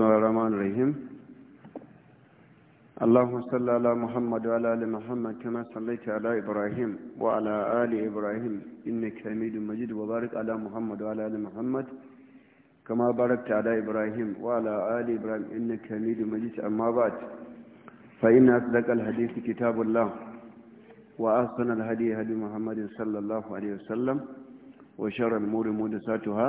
الله الرحمن الرحيم اللهم صل على محمد وعلى ال محمد كما صليت على ابراهيم وعلى ال ابراهيم انك حميد مجيد وبارك على محمد وعلى ال محمد كما باركت على ابراهيم وعلى ال ابراهيم انك حميد مجيد اما بعد فان اصدق الحديث كتاب الله واحسن الهدي هدي محمد صلى الله عليه وسلم وشر الامور محدثاتها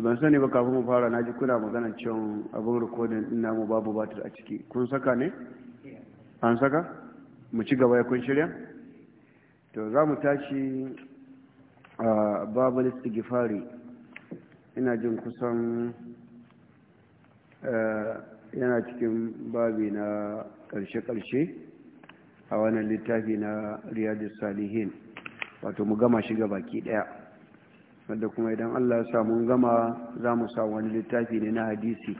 ban sani ba kafin mu fara na ji kuna magana cewa abin rikodin din namu babu batir a ciki kun saka ne an saka mu ci gaba ya kun shirya to za mu tashi a babal istighfari ina jin kusan yana cikin babi na karshe-karshe a wannan littafi na riyadu salihin wato mu gama shiga baki daya wadda kuma idan Allah ya mun gama za mu sa wani littafi ne na hadisi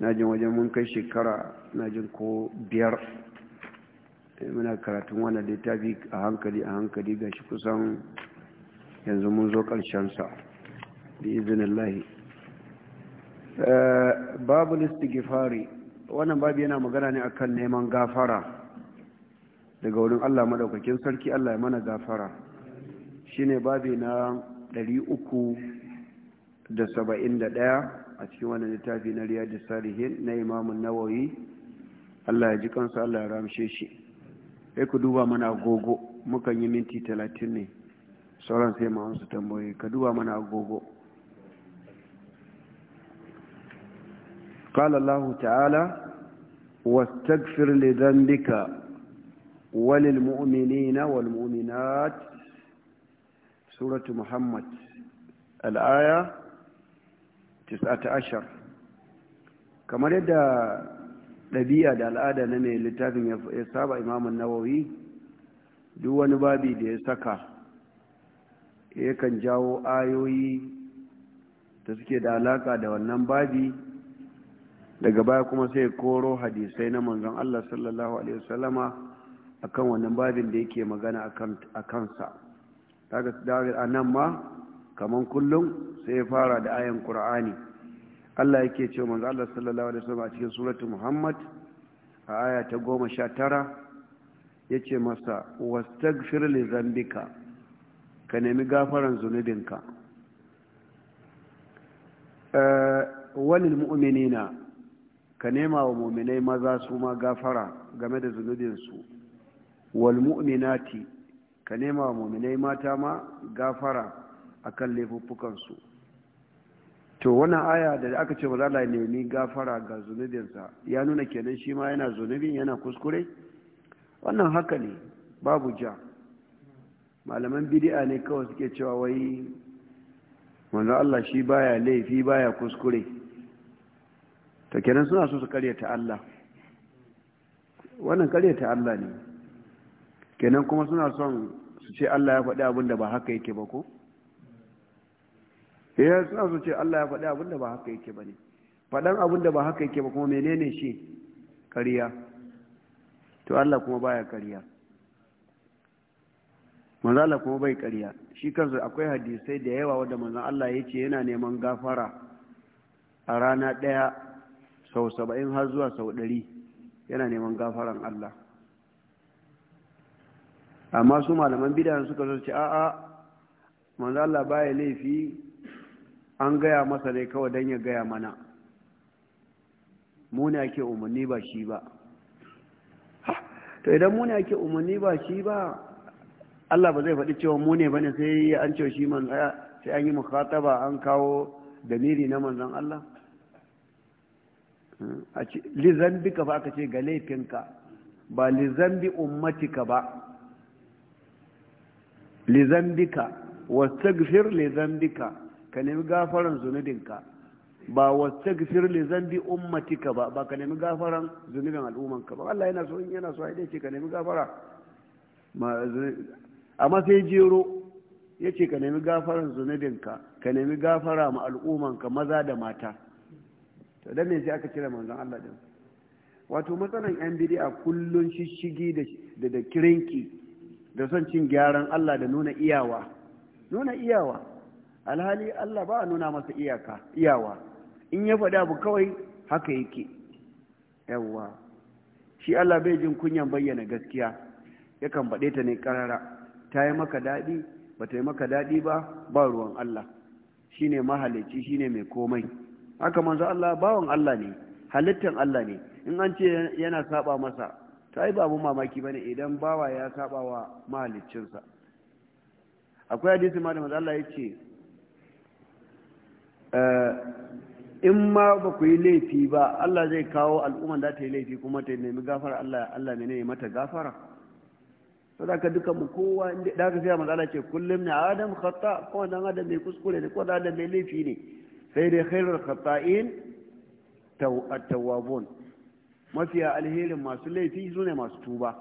na jin wajen mun kai shekara na jin ko biyar eh, muna karatun wani littafi a hankali a hankali ga shi kusan yanzu mun zo ƙarshensa da izinin lahi eh, babu listigifari wannan babu yana magana ne akan neman gafara daga wurin Allah maɗaukakin sarki Allah ya mana gafara shine babi na 371 a cikin wannan littafi na riyadu salihin na imamun nawawi allah ya ji kansu allah ya ramshe shi sai ku duba mana agogo mukan yi minti 30 ne sauran sai ma wasu tambayoyi ka duba mana agogo قال الله تعالى واستغفر لذنبك وللمؤمنين والمؤمنات Suratu Muhammad, الآية تسعة عشر كما يدى ɗabi'a da al'ada na mai littafin ya saba imamun nawawi duk wani babi da ya saka yakan jawo ayoyi da suke da alaƙa da wannan babi daga baya kuma sai koro hadisai na manzon Allah sallallahu alaihi akan wannan babin da yake magana a kansa. daga a anan ma kamar kullum sai ya fara da ayan qur'ani Allah yake cewa manzo Allah sallallahu alaihi wasallam a cikin suratul Muhammad a aya ta 19 yace masa wastagfir li zambika ka nemi gafaran zunubinka eh, walil mu'minina ka nema wa mu'minai maza su ma gafara game da zunubinsu wal mu'minati ka nema wa muminai mata ma gafara a kan laifuffukansu to wani aya da aka ce mazala la nemi gafara ga zunubinsa ya nuna kenan shi ma yana zunubin yana kuskure wannan haka ne babu ja malaman bidi'a ne kawai suke cewa wai wanzu Allah shi baya laifi baya kuskure ta kenan suna so su karyata Allah wannan karyata Allah ne kenan kuma suna son su ce Allah ya faɗi abin da ba haka yake ba ko ya eh, suna su ce Allah ya faɗi abin da ba haka yake ba ne faɗan abin da ba haka yake ba kuma menene shi ƙarya to Allah kuma baya ƙarya manzo Allah kuma bai ƙarya shi kansa akwai hadisai da yawa wanda manzo Allah ya ce yana neman gafara a rana ɗaya sau saba'in har zuwa sau ɗari yana neman gafaran Allah amma su malaman bidan suka zo ce a'a manzo Allah baya laifi an gaya masa ne kawai dan ya gaya mana mu ne ake umarni ba shi ba to idan mu ne ake umarni ba shi ba Allah ba zai faɗi cewa mu ne bane sai an ce shi man sai an yi mukhataba an kawo damiri na manzon Allah hmm, a ce lizan ka ba aka ce ga laifinka ba lizan bi ummatika ba li zambika wastaghfir li zambika ka nemi gafaran zunubinka ba wastaghfir li zambi ummatika ba ba ka nemi gafaran zunubin al'ummanka ba Allah yana so in yana so ai ce ka nemi gafara amma sai jero ya ce ka nemi gafaran zunubinka ka nemi gafara ma al'ummanka maza da mata to dan me sai aka cire manzon Allah din wato matsalan yan bid'a kullun shishigi da da kirinki da son cin gyaran Allah da nuna iyawa nuna iyawa alhali Allah ba nuna masa iyaka iyawa in ya faɗa abu kawai haka yake yawwa shi Allah bai jin kunyan bayyana gaskiya yakan baɗe ta ne karara ta yi maka daɗi ba ta yi maka daɗi ba ba ruwan Allah Shi shine mahalicci ne mai komai haka manzo Allah bawan Allah ne halittan Allah ne in an ce yana saba masa ta yi babu mamaki ba idan bawa ya saba wa mahaliccinsa akwai hadisi ma da matsala ya ce eh, in ma ba ku yi laifi ba Allah zai kawo al'ummar da ta yi laifi kuma ta nemi gafara Allah Allah ne ya mata gafara to da ka duka mu kowa inda da ka sai matsala ce kullum ne adam khata ko dan adam mai kuskure ne ko dan adam mai laifi ne sai dai khairul khata'in tawabun mafiya alherin masu laifi su ne masu tuba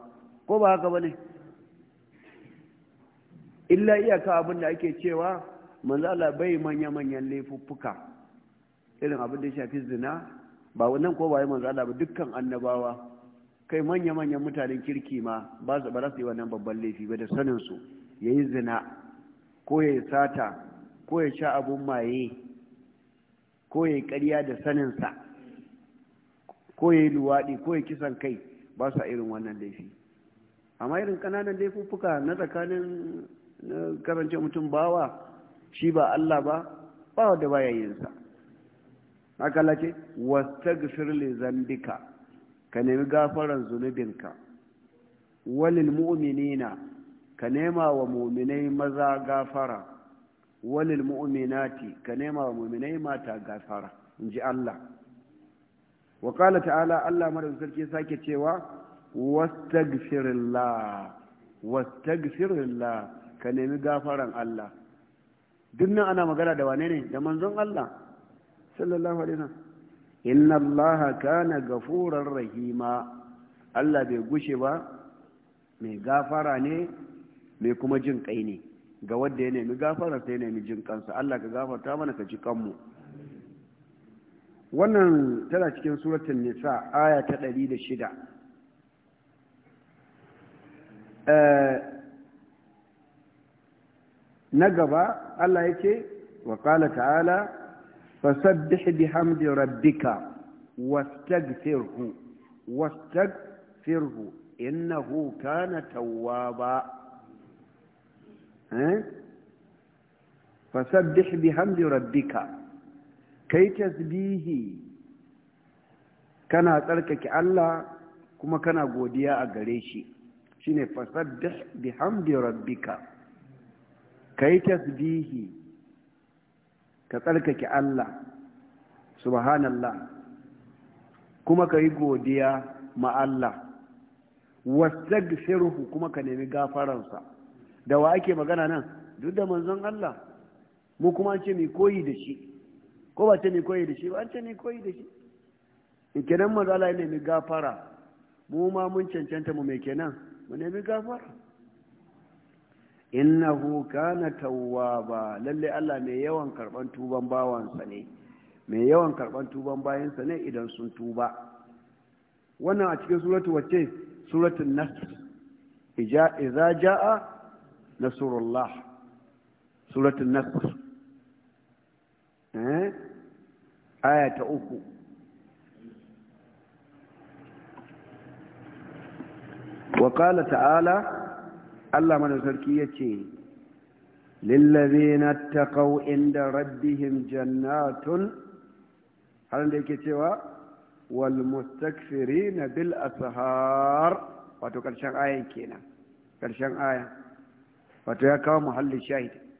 ko ba haka ba ne illa iyaka abin da ake cewa manzo Allah bai manya-manyan laifuffuka irin abin da ya shafi zina ba wannan ko ba yi manzo Allah ba dukkan annabawa kai manya-manyan mutanen kirki ma ba su ba su yi wannan babban laifi ba da saninsu. su yayi zina ko ya sata ko ya sha abun maye ko ya ƙarya da saninsa ko ya yi luwaɗi ko ya kisan kai ba sa irin wannan laifi amma irin ƙananan laifuffuka na tsakanin karance mutum bawa shi ba Allah ba ba da baya yinsa haka wasta gafir le zambika ka nemi gafaran zunubinka walil mu'minina ka nema wa mu'minai maza gafara walil mu'minati ka nema wa mu'minai mata gafara in ji Allah wa qala ta'ala Allah madaukakin sarki sake cewa wastaghfirillah wastaghfirillah ka nemi gafaran Allah dinnan ana magana da wanene ne da manzon Allah sallallahu alaihi wasallam inna allaha kana gafurar rahima Allah bai gushe ba mai gafara ne mai kuma jin ne ga wanda ya nemi gafara sai ya nemi jin Allah ka gafarta mana ka ci kanmu wannan tana cikin suratun nisa aya ta 106 eh, na gaba Allah ce wa qala ta'ala fasabbih bihamdi rabbika na wastaghfirhu innahu kana tawwaba eh fasabbih bihamdi rabbika kai tasbihi kana tsarkake Allah kuma kana godiya a gare shi shine fasaddah bihamdi rabbika kai tasbihi ka tsarkake Allah subhanallah kuma ka yi godiya ma Allah wastaghfiruhu kuma ka nemi gafaransa da wa ake magana nan duk da manzon Allah mu kuma ce mai koyi da shi ko ba ce ni koyi da shi ba an ce ni koyi da shi in kenan manzo Allah ya nemi gafara mu ma mun cancanta mu mai kenan mu nemi gafara innahu kana tawwaba lalle Allah mai yawan karban tuban bawansa ne mai yawan karban tuban bayansa ne idan sun tuba wannan a cikin suratu wacce nas, nasr idza jaa nasrullah suratu nasr eh aya ta uku wa ƙala ta'ala Allah mana sarki ya ce lillabe na taƙau inda rabbihim jannatun har da yake cewa walmustakfiri na bil asahar wato ƙarshen ayan kenan ƙarshen ayan wato ya muhallin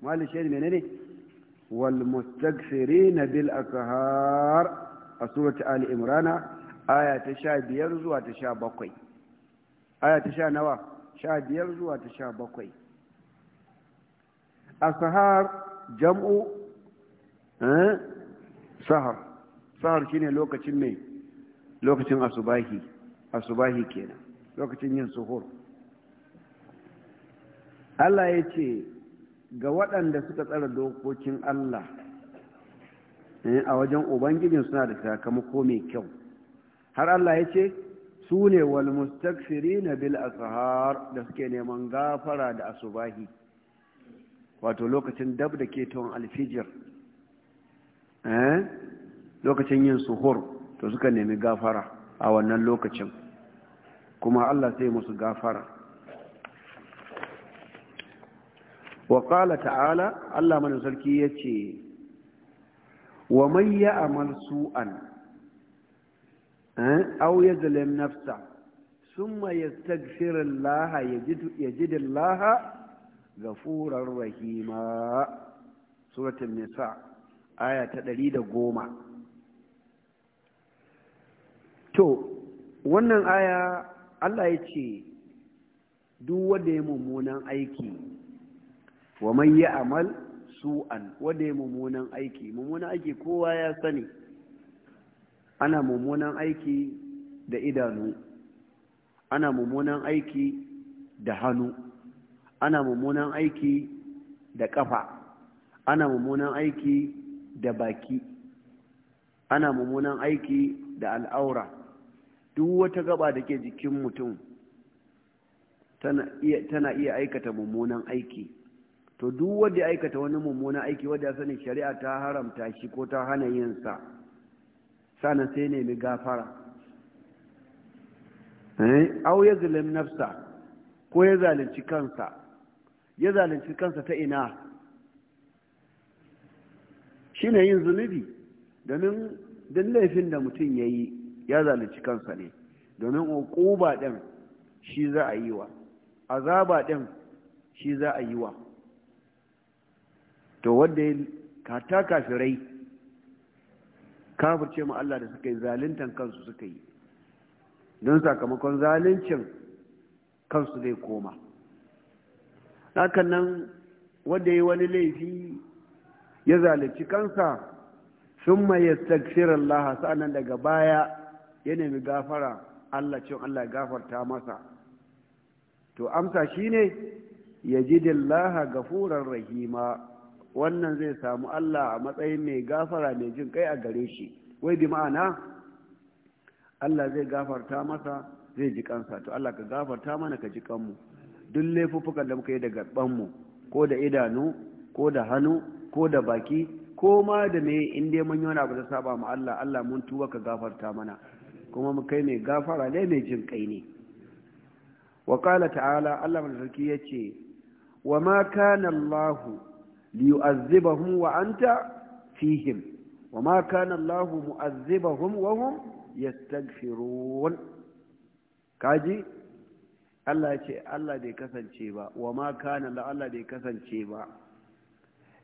muhallin menene ne والمستكثرين بالأسهار سورة آل إمران آية تشاء بيرزو تشاء بقي آية تشاء نوا شاء بيرزو تشاء بقي أسهار جمع أه؟ سهر sahar shine lokacin mai lokacin asubahi asubahi kenan lokacin yin suhur الله يتي ga waɗanda suka tsara dokokin Allah eh, a wajen ubangijin suna da sakamako mai kyau har Allah ya ce su ne wal mustakfiri na bil asahar da suke neman gafara da asubahi wato lokacin dab da keton alfijir eh, lokacin yin suhur to suka nemi gafara a wannan lokacin kuma Allah sai musu gafara wa ta'ala Allah mana sarki ya ce wa man ya amal su'an eh, aw ya zalim nafsa summa yastaghfir Allah yajid Allah ghafurar rahima suratul nisa aya ta ɗari da goma. to wannan aya Allah ya ce duk wanda ya mummunan aiki wa man ya'mal su'an wanda ya mummunan aiki mummunan aiki kowa ya sani ana mummunan aiki da idanu ana mummunan aiki da hannu ana mummunan aiki da kafa ana mummunan aiki da baki ana mummunan aiki da al'aura duk wata gaba da ke jikin mutum tana iya aikata mummunan aiki to duk wanda aikata wani mummunan aiki wanda ya sani shari'a ta haramta shi ko ta hana yin sa sana sai nemi gafara eh au ya zalim nafsa ko ya zalunci kansa ya zalunci kansa ta ina shine yin zunubi domin duk laifin da mutum ya yi ya zalunci kansa ne domin uquba din shi za a yi wa azaba din shi za a yi wa to wanda ya kata kafirai kafirce mu Allah da suka yi zalintan kansu suka yi don sakamakon zaluncin kansu zai koma hakan nan wanda ya wani laifi ya zalunci kansa sun mai ya Allah sa'annan daga baya ya nemi gafara Allah cin Allah gafarta masa to amsa shine dillaha gafuran rahima wannan zai samu Allah a matsayin mai gafara mai jin kai a gare shi wai bi ma'ana Allah zai gafarta masa zai ji kansa to Allah ka gafarta mana ka ji kanmu duk laifuffukan da muka yi da mu ko da idanu ko da hannu ko da baki ko ma da me in dai mun yi wani abu da saba mu Allah Allah mun tuba ka gafarta mana kuma mu kai mai gafara ne mai jin kai ne wa qala ta'ala Allah mai sarki yace wa ma kana Allahu liyu'azzibahum wa anta fihim wa ma kana Allahu mu'azzibahum wa hum yastaghfirun kaji Allah ce Allah bai kasance ba wa ma kana la Allah bai kasance ba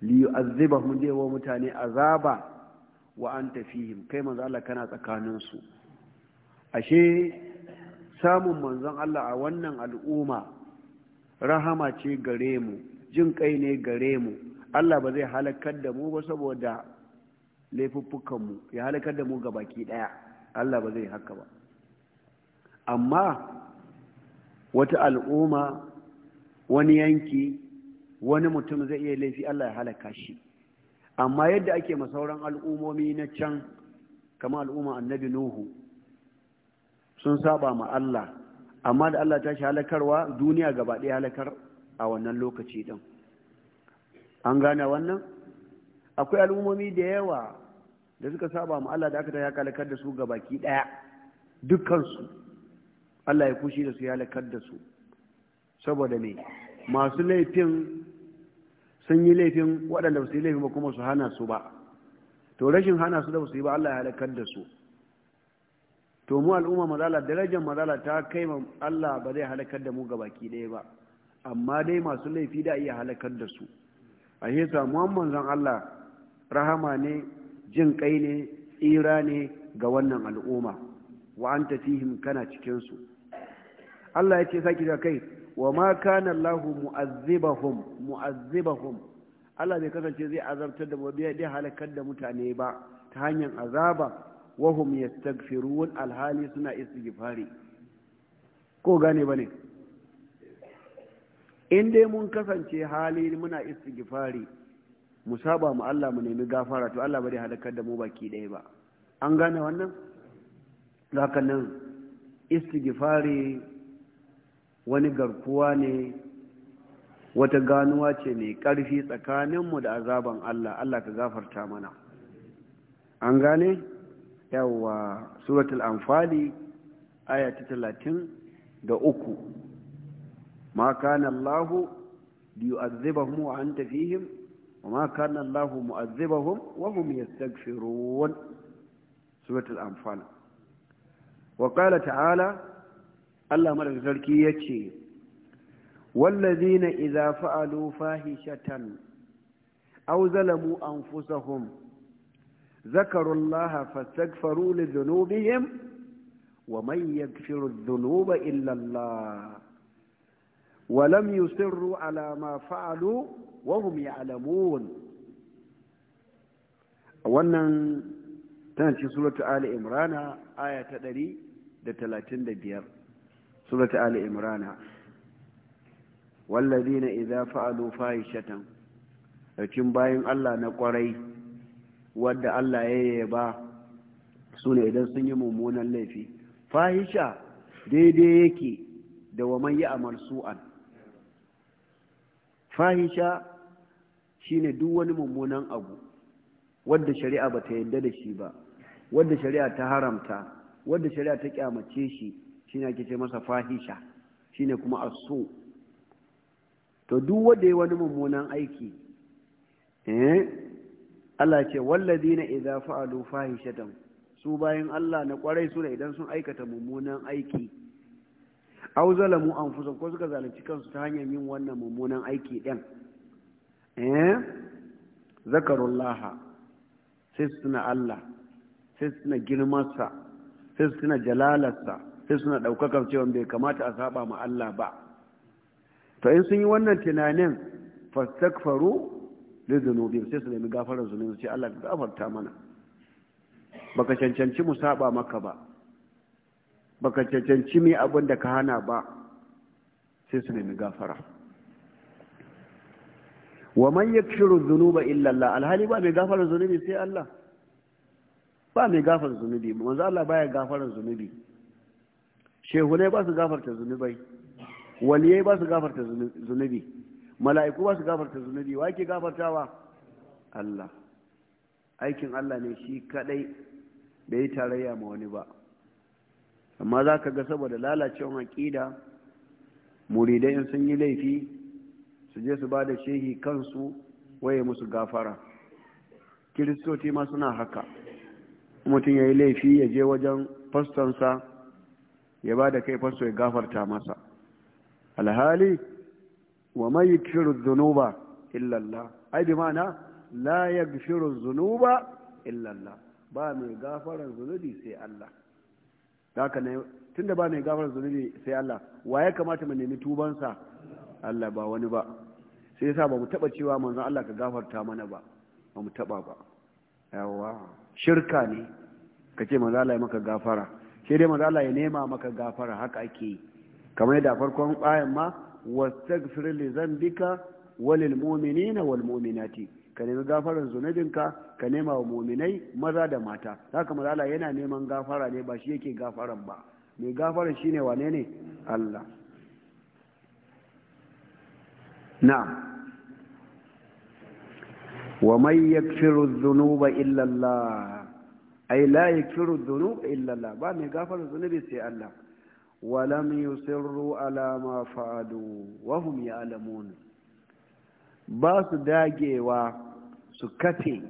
liyu'azzibahum dai wa mutane azaba wa anta fihim kai manzo Allah kana tsakanin su ashe samun manzon Allah a wannan al'umma rahama ce gare mu jin kai ne gare mu Allah ba zai halakar da mu ba saboda laifuffukanmu ya halakar da mu ga baki ɗaya Allah ba zai haka ba amma wata al'umma wani yanki wani mutum zai iya laifi Allah ya halaka shi amma yadda ake masauran al'ummomi na can kamar al'umma annabi nuhu sun saba ma Allah amma da Allah ta shi halakarwa duniya gaba ɗaya halakar a wannan lokaci ɗin an gane wannan akwai al'ummomi da yawa da suka saba mu Allah da aka ya kalakar da su ga baki daya dukkansu Allah ya kushi da su ya lakar da su saboda me masu laifin sun yi laifin waɗanda su yi laifin ba kuma su hana su ba to rashin hana su da su yi ba Allah ya halakar da su to mu al'umma mazala darajar mazala ta kai ma Allah ba zai halakar da mu ga baki ɗaya ba amma dai masu laifi da iya halakar da su a yi manzon Allah rahama ne jin kai ne tsira ne ga wannan al'umma wa an tafihim kana cikinsu Allah ya ce saki da kai wa ma kana Allah mu'azzibahum mu'azzibahum Allah bai kasance zai azabtar da bai dai halakar da mutane ba ta hanyar azaba wa hum yastaghfirun alhali suna istighfari ko gane bane in dai mun kasance hali muna istighfari mu saba mu Allah mu nemi gafara to Allah ba da halakar da mu baki ɗaya ba an gane wannan haka nan istighfari wani garkuwa ne wata ganuwa ce mai ƙarfi tsakaninmu da azaban Allah Allah ka gafarta mana an gane yawa suratul anfali aya ta talatin da uku ما كان الله ليؤذبهم وأنت فيهم وما كان الله مؤذبهم وهم يستغفرون سورة الأنفال وقال تعالى الله ملك زركي والذين إذا فعلوا فاهشة أو ظلموا أنفسهم ذكروا الله فاستغفروا لذنوبهم ومن يغفر الذنوب إلا الله ولم يصروا على ما فعلوا وهم يعلمون wannan tana cikin suratu ali imrana aya ta ɗari da talatin da biyar suratu ali imrana wallazi na iza fa'alu fahishatan cikin bayan Allah na kwarai wadda Allah ya ba, su ne idan sun yi mummunan laifi fahisha daidai yake da wa man yi amal su'an fahisha shine duk wani mummunan abu wadda shari'a ba ta yarda da shi ba wadda shari'a ta haramta wadda shari'a ta kyamace shi shine ake ce masa fahisha shine kuma aso to duk wanda ya wani mummunan aiki eh Allah ce wallazina idza fa'alu fahishatan su bayan Allah na kwarai su da idan sun aikata mummunan aiki aw zalamu anfusahum ko suka zalunci kansu ta hanyar yin wannan mummunan aiki ɗin? eh laha sai suna Allah sai suna girmarsa sai suna jalalarsa sai suna ɗaukakar cewa bai kamata a saba ma Allah ba to in sun yi wannan tunanin fastakfaru da zunubi sai su nemi gafarar zunubi sai Allah ka gafarta mana baka cancanci mu saba maka ba baka cancanci mai abin da ka hana ba sai su nemi gafara wa man ya dhunuba zunuba illallah alhali ba mai gafarar zunubi sai Allah ba mai gafarar zunubi manzo Allah baya gafarar zunubi shehu ne ba su gafarta zunubai waliyai ba su gafarta zunubi mala'iku ba su gafarta zunubi wa ke gafartawa Allah aikin Allah ne shi kadai bai tarayya ma wani ba amma za ka ga saboda lalacewan aƙida muridai in sun yi laifi su je su ba da shehi kansu waye musu gafara kiristoci ma suna haka mutum ya yi laifi ya je wajen fastonsa ya ba da kai fasto ya gafarta masa alhali wa mai yukfiru zunuba illallah ai bi mana la yukfiru zunuba illallah ba mai gafaran zunubi sai Allah haka ne tun da ba ne gafara zunubi sai Allah wa ya kamata mu nemi tubansa Allah ba wani ba sai yasa ba mu taba cewa manzon Allah ka gafarta mana ba ba mu taba ba yawa shirka ne ka ce manzon Allah ya maka gafara sai dai manzon Allah ya nema maka gafara haka ake yi kamar da farkon bayan ma wastaghfir li dhanbika walil mu'minina wal mu'minati ka nemi gafarar zunubinka ka nema wa muminai maza da mata za ka Allah yana neman gafara ne ba shi yake gafaran ba mai gafara shi ne wane ne Allah na wa mai ya kiro zunuba illallah ai la ya kiro zunuba illallah ba mai gafarar zunubi sai Allah walam yusirru ala ma fa'adu wa hum ya'lamun ba su dagewa su kafe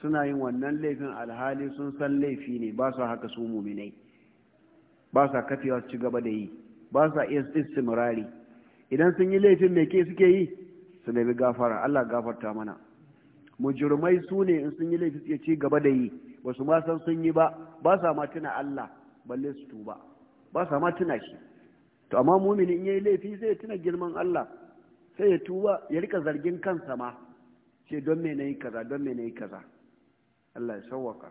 suna yin wannan laifin alhali sun san laifi ne ba su haka su muminai ba sa kafewa su ci gaba da yi ba sa iya istimrari idan sun yi laifin mai ke suke yi su nemi gafara Allah gafarta mana mujurmai su ne in sun yi laifi suke ci gaba da yi ba su ma san sun yi ba ba sa ma tuna Allah balle su tuba ba sa ma tuna shi to amma mumini in yi laifi sai ya tuna girman Allah sai ya tuba ya rika zargin kansa ma ce don me na yi kaza don me na yi kaza Allah ya sauwaka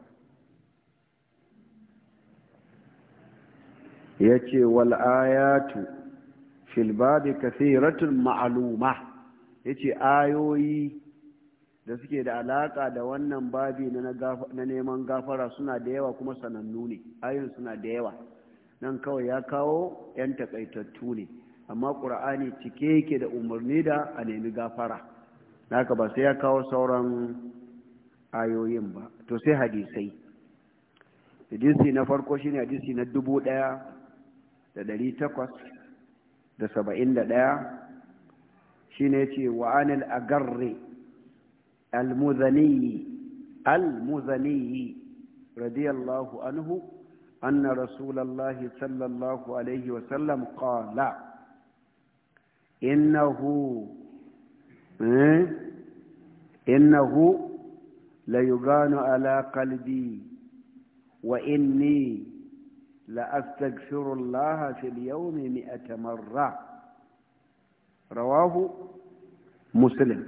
ya ce wal'ayatu filbabi kasiratun ma'aluma ya ce ayoyi da suke da alaƙa da wannan babi na neman gafara suna da yawa kuma sanannu ne ayoyin suna da yawa nan kawai ya kawo 'yan taƙaitattu ne amma ƙura'ani cike yake da umarni da a nemi gafara haka ba sai ya kawo sauran ayoyin ba to sai hadisai hadisi na farko shine hadisi na dubu ɗaya da ɗari takwas da saba'in da ɗaya shine ce wa anil agarri almuzaniyi almuzaniyi radiyallahu anhu أن رسول sallallahu alaihi الله عليه وسلم إيه؟ إنه ليبان على قلبي وإني لأستغفر الله في اليوم مئة مرة رواه مسلم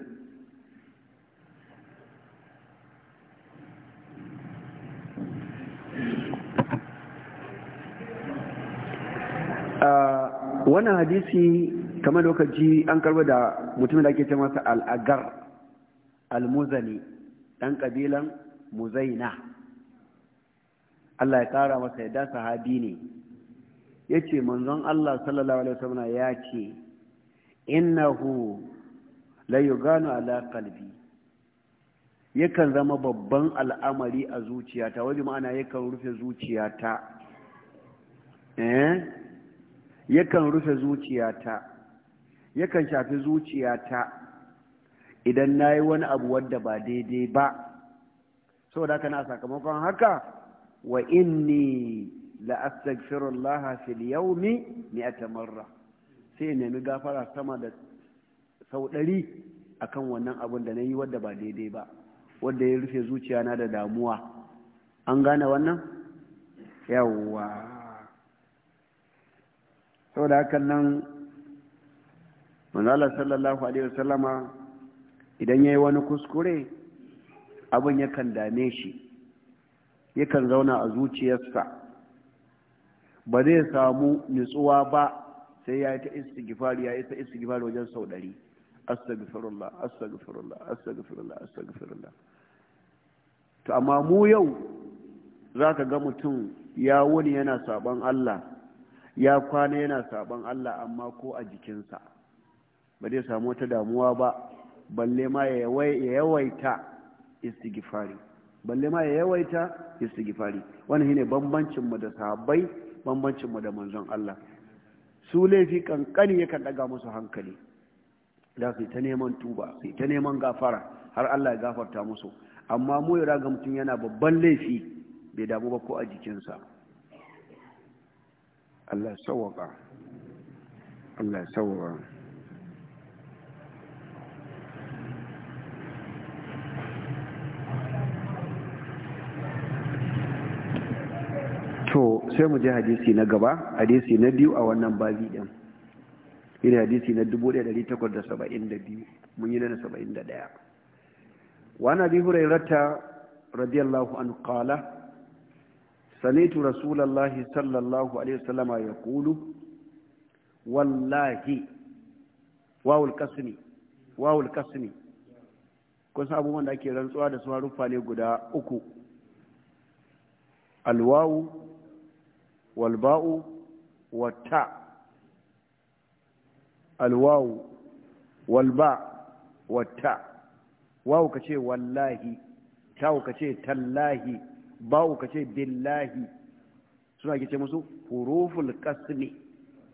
آه وانا حديثي kamar lokaci an karba da mutumin da ake ce masa al'agar al-muzani ɗan ƙabilan muzaina Allah ya ƙara masa yadda sahabi ne ya ce manzon Allah sallallahu alaihi muna ya ce innahu la yuganu ala qalbi yakan zama babban al'amari a zuciyata wajen ma'ana yakan rufe zuciyata eh yakan rufe zuciyata yakan shafi zuciyata idan na yi wani abu wadda ba daidai ba saboda haka na sakamakon haka wa inni la astaghfirullah fil yawmi mi'ata marra sai nemi gafara sama da sau ɗari akan wannan abun da na yi wadda ba daidai ba wadda ya rufe zuciya na da damuwa an gane wannan yawwa saboda hakan nan manzala sallallahu alaihi wasallama idan ya yi wani kuskure abin yakan dame shi yakan zauna a zuciyarsa ba zai samu nutsuwa ba sai ya yi ta istighfari ya yi ta istighfari wajen sau ɗari astaghfirullah astaghfirullah astaghfirullah astaghfirullah to amma mu yau zaka ga mutum ya wuni yana sabon Allah ya kwana yana sabon Allah amma ko a jikinsa ba zai samu wata damuwa ba balle ma ya yawaita istighfari balle ma ya yawaita istighfari wannan shine bambancin mu da sahabbai bambancin mu da manzon Allah su laifi kankani yakan daga musu hankali da su ta neman tuba su ta neman gafara har Allah ya gafarta musu amma mu ya ga mutum yana babban laifi bai damu ba ko a jikinsa Allah ya Allah ya sai mu je hadisi na gaba hadisi na biyu a wannan babi din ina hadisi na 1872 mun yi na 71 wa na bi hurairata radiyallahu an kala sanitu rasulallah sallallahu alaihi wasallama ya kulu wallahi wawul kasmi wawul kasmi kun san abubuwan da ake rantsuwa da suwa rufa ne guda uku alwawu والباء والتاء الواو والباء والتاء واو كشي والله تاو كشي تالله باو كشي بالله suna ke ce musu huruful kasmi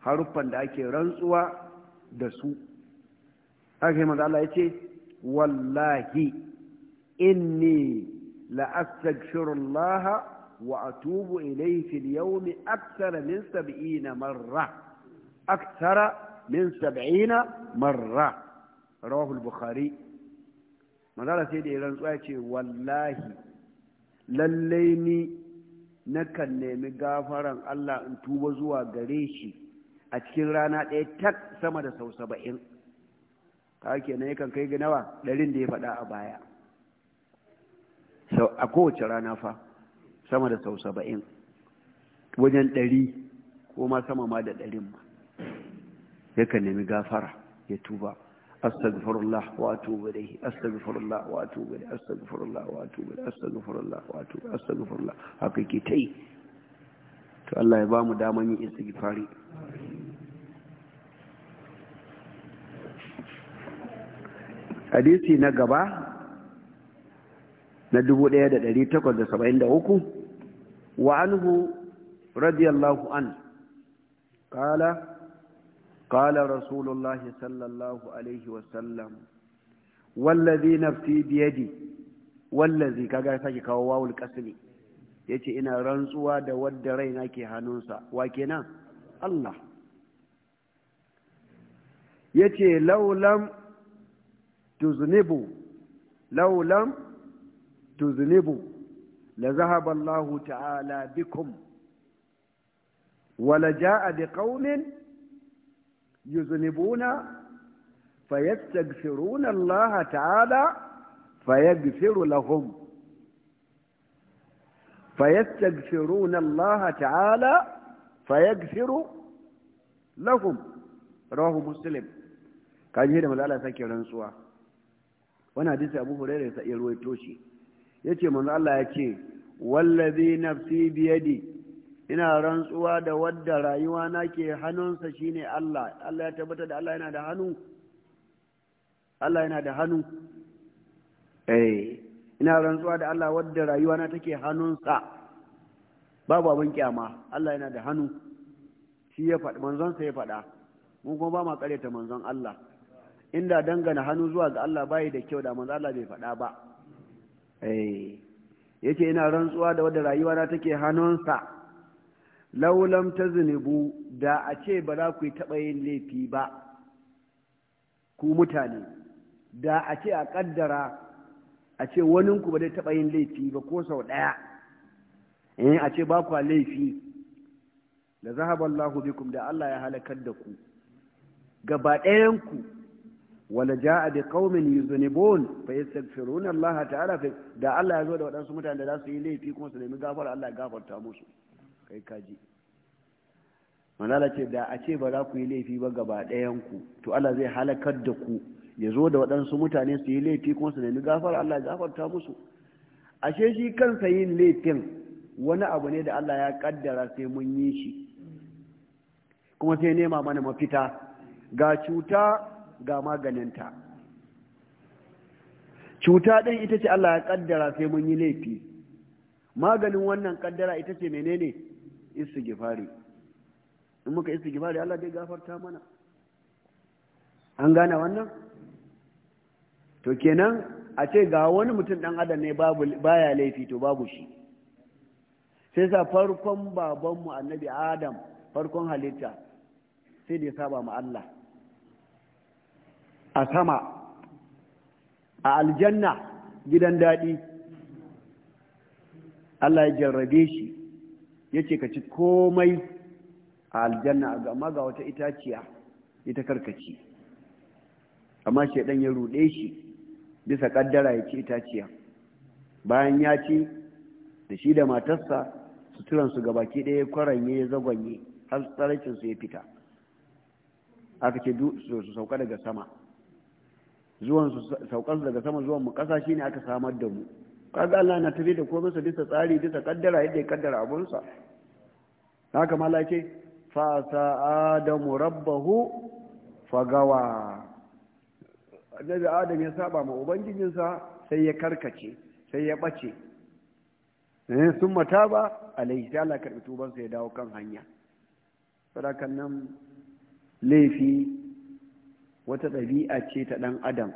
haruffan da ake rantsuwa da su aka yi manzo Allah yace wallahi inni la astaghfirullah wa atubu ilayhi fil yawmi akthara min 70 marra akthara min 70 marra rawahu al-bukhari Mazara sai da rantsuwa ce wallahi lallai ni nakan nemi gafaran Allah in tuba zuwa gare shi a cikin rana ɗaya tak sama da sau saba'in ka ke yakan kai ga nawa ɗarin da ya faɗa a baya sau a kowace rana fa sama da sau saba'in wajen ɗari ko ma sama ma da ɗarin ma yakan nemi gafara ya tuba astagfirullah wa atubu dai astagfirullah wa atubu dai astagfirullah wa atubu dai astagfirullah wa atubu astagfirullah haka ke tai to Allah ya ba mu daman yin istighfari hadisi na gaba na 1873 وعنه رضي الله عنه قال قال رسول الله صلى الله عليه وسلم والذي نفسي بيدي والذي كغا ساكي كواو القسمي يتي انا رنسوا دا ود رينك هانونسا واكينا الله يتي لو لم تذنبوا لو لم تذنبوا لذهب الله تعالى بكم ولجاء بقوم يذنبون فيستغفرون الله تعالى فيغفر لهم فيستغفرون الله تعالى فيغفر لهم رواه مسلم كان da malala sake rantsuwa وانا حديث ابو هريره ya توشي yace manzo Allah yace wallazi nafsi biyadi ina rantsuwa da wadda rayuwa na ke hannunsa shine Allah Allah ya tabbata da Allah yana da hannu Allah yana da hannu eh ina rantsuwa da Allah wadda rayuwa na take hannunsa babu abin kyama Allah yana da hannu shi ya manzon manzonsa ya faɗa mun kuma ba ma ta manzon Allah inda dangana hannu zuwa ga Allah bai da kyau da manzon Allah bai faɗa ba Eh, ya ce ina rantsuwa da wadda rayuwa na take hannunsa laulam ta zunubu da a ce ba za ku yi taɓa yin laifi ba ku mutane da a ce a ƙaddara a ce waninku ba zai taɓa yin laifi ba ko sau ɗaya in eh, a ce ba ku laifi da zahaballahu bikum da Allah ya halakar da ku gaba ɗayan ku. wala ja'a bi qaumin yuzunibun fa yastaghfiruna Allah ta'ala fa da Allah ya zo da wadansu mutane da za su yi laifi kuma su nemi gafara Allah ya gafarta musu kai kaji manala ce da a ce ba za ku yi laifi ba gaba ɗayan ku to Allah zai halakar da ku ya zo da waɗansu mutane su yi laifi kuma su nemi gafara Allah ya gafarta musu ashe shi kansa yin laifin wani abu ne da Allah ya kaddara sai mun yi shi kuma sai nema mana mafita ga cuta ga maganinta cuta ɗin ita ce Allah ya ƙaddara sai mun yi laifi maganin wannan ƙaddara ita ce menene gifari in muka gifari Allah dai gafarta mana an gane wannan to kenan a ce ga wani mutum ɗan adam ne baya laifi to babu shi sai sa farkon babanmu annabi adam farkon halitta sai da ya saba ma Allah a sama a aljanna gidan daɗi Allah ya jarrabe shi ya ce ka komai a aljanna amma ga wata itaciya ita karkaci amma shaidan ya ruɗe shi bisa ƙaddara ya ci itaciya bayan ya ci da shi da matarsa suturansu ga baki ɗaya kwaranye ya zagwanye har tsaracinsu ya fita aka ce su sauka daga sama zuwan su daga sama zuwan mu kasa shine aka samar da mu kaga Allah na tafi da komai sa bisa tsari bisa kaddara yadda ya kaddara abun sa haka mala ce fa sa adamu rabbahu fagawa annabi adam ya saba ma ubangijinsa sai ya karkace sai ya bace eh, sun mata ba alai sai Allah karbi sa ya dawo kan hanya sadakan nan laifi wata ɗabi'a ce ta ɗan adam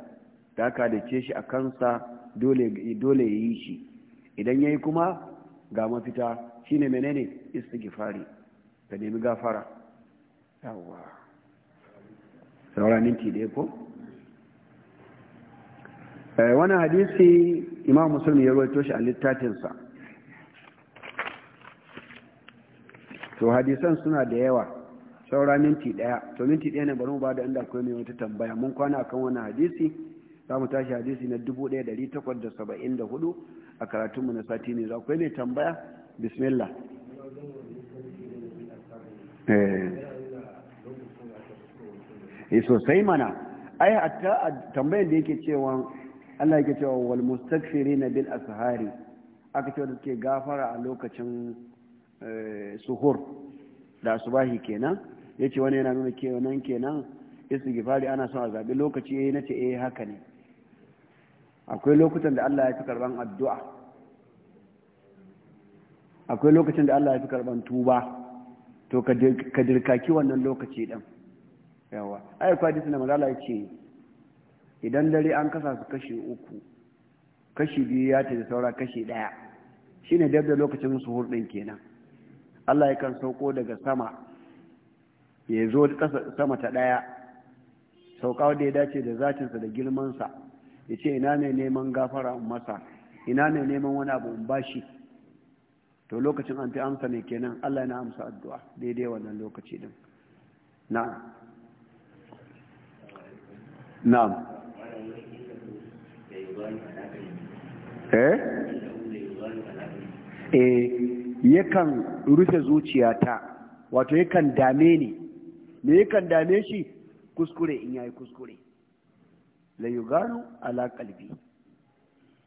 da aka ce shi a kansa dole ya yi shi idan ya yi kuma ga mafita shi ne shine menene istighfari ka nemi gafara yawwa saura minti da ko eh, wani hadisi imam musulmi ya rawaito shi a littafinsa to hadisan suna da yawa saura minti ɗaya to minti ɗaya ne bari mu ba da inda akwai mai wata tambaya mun kwana akan wani hadisi za mu tashi hadisi na 1874 a karatunmu na sati ne za akwai mai tambaya bismillah eh, eh sosai mana ai hatta tambayar da yake cewa Allah yake cewa wal mustaghfirina bil ashari aka ce da suke gafara a lokacin eh, suhur da asubahi kenan ya ce wani yana nuna kenan kenan gifari ana son a zaɓi lokaci eh na ce eh haka ne akwai lokutan da Allah ya fi karɓar addu'a akwai lokacin da Allah ya fi karɓar tuba to ka dirkaki wannan lokaci ɗan yawa ai kwa na mazala ya ce idan dare an kasa su kashi uku kashi biyu ya ce da saura kashi ɗaya shine dab da lokacin musu hurɗin kenan Allah yakan sauko daga sama ya zo kasa sama ta ɗaya sauka wanda ya dace da zatinsa da girmansa ya ce ina ne neman gafara masa ina ne neman wani abu bashi to lokacin an fi amsa ne kenan Allah na amsa addu'a daidai wannan lokaci din na'am na'am eh, eh yakan rufe zuciyata wato yakan dame ni me yakan dame shi kuskure in yayi kuskure la yugalu ala qalbi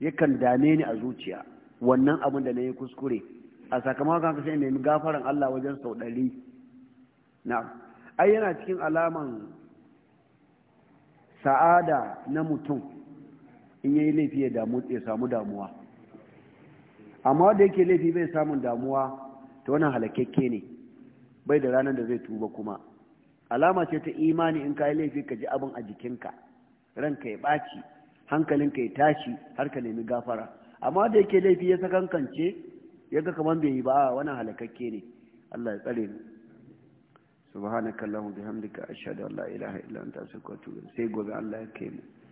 yakan dame ni a zuciya wannan abin da nayi kuskure a sakamakon haka sai nemi gafaran Allah wajen sau ɗari na ai yana cikin alaman sa'ada na mutum in yayi laifi ya damu ya samu damuwa amma wanda yake laifi bai samun damuwa ta wani halakakke ne bai da ranar da zai tuba kuma alama ce ta imani in kayi laifi ka ji abin a jikinka ranka ya ɓaci ka yi tashi har ka nemi gafara amma da yake laifi ya sakankance ya ga kamar bai yi ba wani halakakke ne Allah ya tsare mu subhanakallahu bihamdika ashhadu an la ilaha illa anta astaghfiruka wa atubu sai gobe Allah ya kai